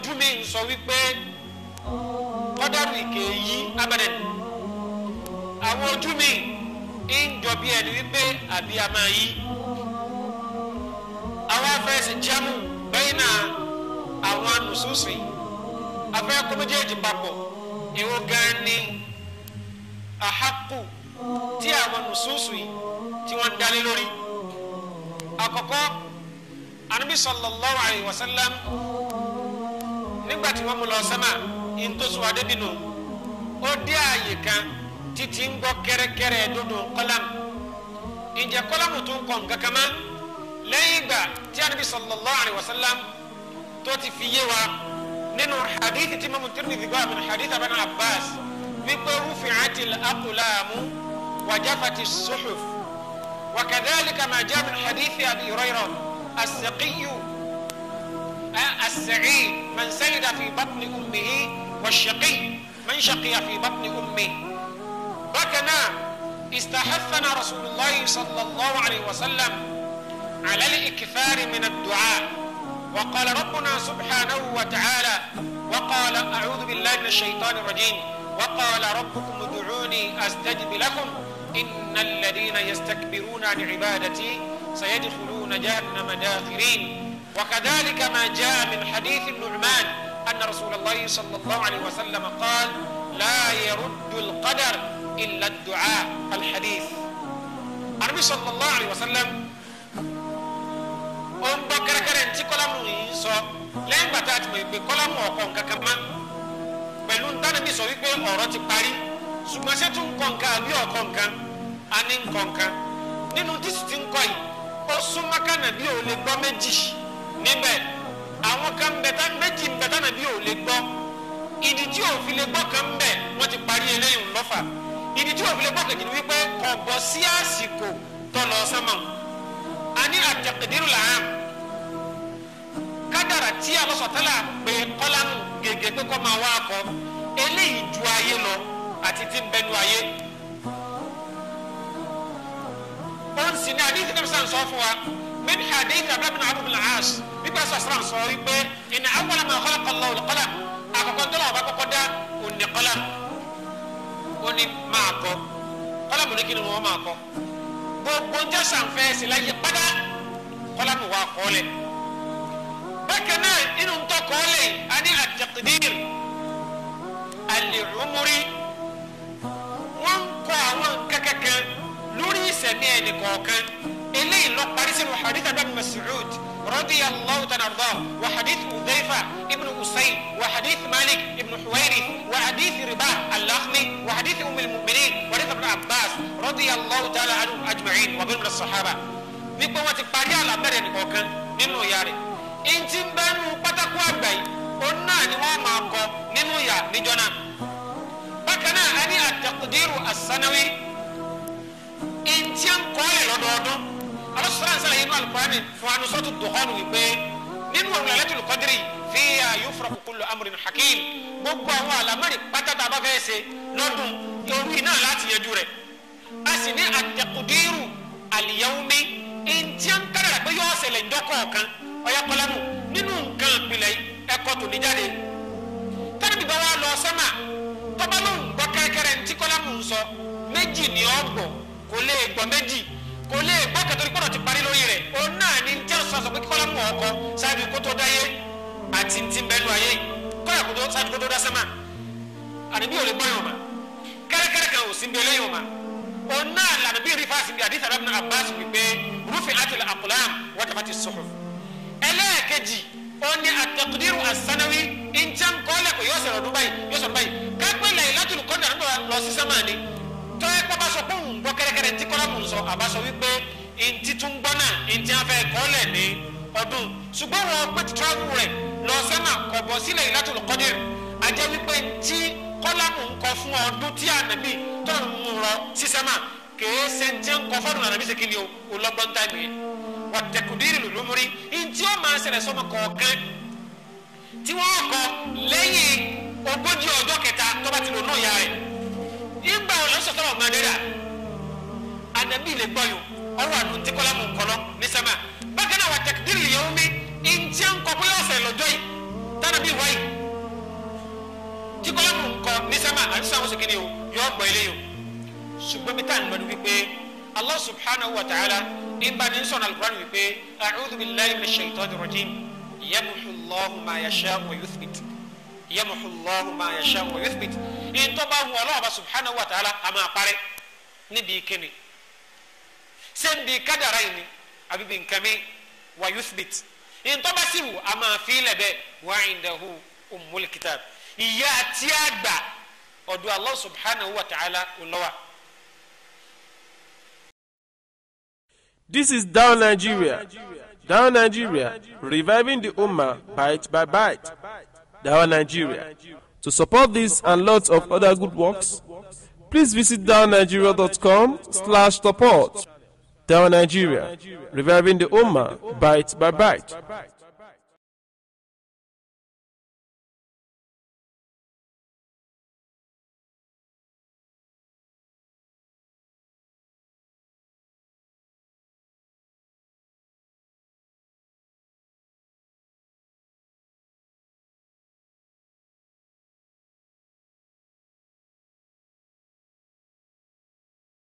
ojú mi ń sọ wípé kọ́dọ̀rù ìkè yí abẹ́rẹ́ àwọn ojú mi ń jọ bí ẹni wípé àbí a máa yí àwọn afẹ́sẹ̀ jámù bẹ́yìn náà àwọn nùsùsì afẹ́ kó méjèèjì papọ̀ ìwọ gan ni àhákù tí àwọn nùsùsì tí wọ́n dálé lórí àkọ́kọ́ anabi sallallahu alayhi wa nígbà tí wọ́n mú lọ sẹ́mà ń tó sùn adé bínú ó dé ààyè kan títí ń gbọ́ kẹ́rẹ́kẹ́rẹ́ dúdú kọ́lámù ǹjẹ́ kọ́lámù tó ń kọ́ nǹkan kan mọ́ lẹ́yìn ìgbà tí anabi sallallahu alayhi wa sallam tó ti fi yé wa nínú hadith tí mamu Tirmidhi gbọ́ àmì hadith abana Abbas wípé rufi'ati al-aqlamu wa suhuf wa kadhalika ma hadith Abi Hurayrah as السعيد من سعد في بطن أمه والشقي من شقي في بطن أمه بكنا استحثنا رسول الله صلى الله عليه وسلم على الإكثار من الدعاء وقال ربنا سبحانه وتعالى وقال أعوذ بالله من الشيطان الرجيم وقال ربكم ادعوني أستجب لكم إن الذين يستكبرون عن عبادتي سيدخلون جهنم داخرين وكذلك ما جاء من حديث النعمان أن رسول الله صلى الله عليه وسلم قال لا يرد القدر إلا الدعاء الحديث النبي صلى الله عليه وسلم أم بكر كرنت كلام ويسا لين بتات بكلام وكم كما بلون تان بي سوي بي أورتي باري سمسيتون كونكا بي أوكونكا أنين كونكا ninu disi ti nkɔ yi osumaka na bi o le gbɔ meji níbẹ̀ àwọn kan bẹ̀tà méjì bẹ̀tà nàbí ò lè gbọ́ ìdí tí òfin lè gbọ́ kan bẹ̀ wọ́n ti parí eléyìí lọ́fà ìdí tí òfin lè gbọ́ kejì ni wípé kọ̀gbọ́ sí àsìkò tọ̀nà sánmà àní àtẹ̀kẹ̀dẹ́rù làám kádàrà tí alọ́sọ̀tẹ́là pé kọ́lánù gègé pé kọ́ máa wá kọ́ eléyìí ju ayé lọ àti tí ń bẹnu ayé ó ń sin ní àdéhùn náà sọ fún wa min hadith abdullah bin abu al-as nígbà sàṣàrà sọ wípé ìnà awwala ma khalaqa Allahu al-qalam àkọ́kọ́ tó lọ́wọ́ bá kọ́kọ́ dá òní qalam òní máa kọ́ qalam ní kí ni wọ́n máa kọ́ gbogbo ń jẹ́ sànfẹ́ sí láyé padà qalam wà kọ́lẹ̀ bákan náà inú ń tọ́ kọ́lẹ̀ ani at-taqdir al-umri wọ́n ń kọ́ àwọn kẹ́kẹ́kẹ́ lórí ìsẹ̀mí ẹnì kọ̀ọ̀kan. إلي لو قارسين وحديث ابن مسعود رضي الله تعالى عنه وحديث حذيفة ابن أسيد وحديث مالك ابن حويري وحديث رباح اللخمي وحديث أم المؤمنين وحديث ابن عباس رضي الله تعالى عنه أجمعين وبين من الصحابة نبوة باريا لابد أن يكون نمو ياري إن تنبان مبتا قوابي قلنا نمو ماكو نمو ياري نجونا بكنا أني التقدير السنوي alukurani fún anusọ́tù dùkọ́nù wípé nínú òrùlé lẹ́tùlù kọ́dírì fi àyùfra kullu amúrin hakim gbogbo àwọn àlámọ́rì pátátá bá fẹ́ ṣe lọ́dún orí náà láti yẹjú rẹ̀ a sì ní àtẹkùdírù àlìyáwómi ntí à ń kára pé yóò ṣẹlẹ̀ ńdọ́kọ̀ọ̀kan ọ̀yàkọ́lámù nínú nǹkan ìpìlẹ̀ ẹ̀kọ́ tòní jáde tẹ́lifí bá wà lọ sọ́mà tọ́balóhùn gbọ́ kẹ́kẹ́rẹ́ ntí sọ méjì ní ọ̀gbọ̀ kò lè gbọ́ méjì kò lè gbọ́ kẹtọ́rí kọ́nà ti parí lórí rẹ̀ òun náà ni tí a sọ àṣọ pé kíkọ́lá pọ̀ ọkọ ṣáájú kó tó dáyé àti ti bẹ́ẹ̀ lu ayé kọ́lá kó tó ṣáájú kó tó dá sẹ́mà àdébí ò lè gbọ́ yòòmà kẹ́rẹ́kẹ́rẹ́ kan ò sí ń bẹ lẹ́yìn òmà òun náà lànà bí rífàsì bí àdìsá rábìnrin Abbas wípé rúfin àtìlẹ̀ àkùlám wọ́tàfàtì sọ̀rọ̀ ẹlẹ́ẹ̀kejì òun ni àtẹ̀kùdírù àsánáwí ìjẹun kọ́lẹ̀ kò yóò sọ̀rọ̀ ọdún báyìí yóò sọ̀rọ̀ báyìí kápẹ́ lẹ́yìn látùlù kọ́ńdà lọ sí sẹ́mà ni tọ́ẹ̀ ń gbọ́ kẹ́rẹ́kẹ́rẹ́ ntí kọ́lá mò ń sọ àbá sọ wípé ntí tún gbọ́ náà ntí afẹ́ kọ́lẹ̀ ní ọdún ṣùgbọ́n wọn pé tíráwù rẹ̀ lọ sẹ́mà kọ̀bọ̀ sílẹ̀ ìlàtò lọ́kọ́dẹ̀ ajẹ́ wípé ntí kọ́lá mò ń kọ fún ọdún tí ànàbì tó ń mú rọ sí sẹ́mà kèé ṣe ntí ń kọ fọ́dún ànàbì ṣe o o lọ́gbọ́n táìmù yẹn wàtẹ̀kùdírì lùlùmùrí ntí ó máa ṣẹlẹ̀ sọ́mọ kọ̀ọ̀kan tí wọ́n kọ lẹ́yìn ogójì ọjọ́ kẹta tó bá ti lò náà yára ẹ̀ ìgbà wọn lọ́sọ̀tọ̀ ọ̀gbọ́n adẹ́rẹ́ anabi le gbɔ yi o ɔwɔ anu ti kɔla mu nkɔlɔ ni sama bákan náà wà takidiri yẹn omi nkyɛn nkɔkɔ yɛ ɔsɛ lɔjɔ yi tana bi wɔ yi ti kɔla mu nkɔ ni sama a ti sàn wosò kini o yɔ gbɔ yi le yi o ṣùgbọ́n mi ta n lɔri wípé Allah subhanahu wa ta'ala nígbà ní sọ̀rọ̀ alukura wípé a'udhu billahi minash shaitanir rajim yamuhu Allahu ma yasha wa yuthbit yamuhu ma yasha wa yuthbit ìtọ́ba wù ọlọ́ọ̀ba subhanahu wa ta'ala àmà àparẹ́ níbi kíni ṣé bí kádàrá ni àbí bí nǹkan mi yuthbit ntọ́ba sì wù a fi ilẹ̀ bẹ́ẹ̀ wà indahu ummul kitab ìyá àti àgbà ọ̀dọ̀ Allah subhanahu wa ta'ala ọlọ́wà. This is Down Nigeria. Down Nigeria, reviving the Ummah bite by bite. Down Nigeria. To support this and lots of other good works, please visit downnigeria.com slash support. down Nigeria, reviving the Ummah bite by bite.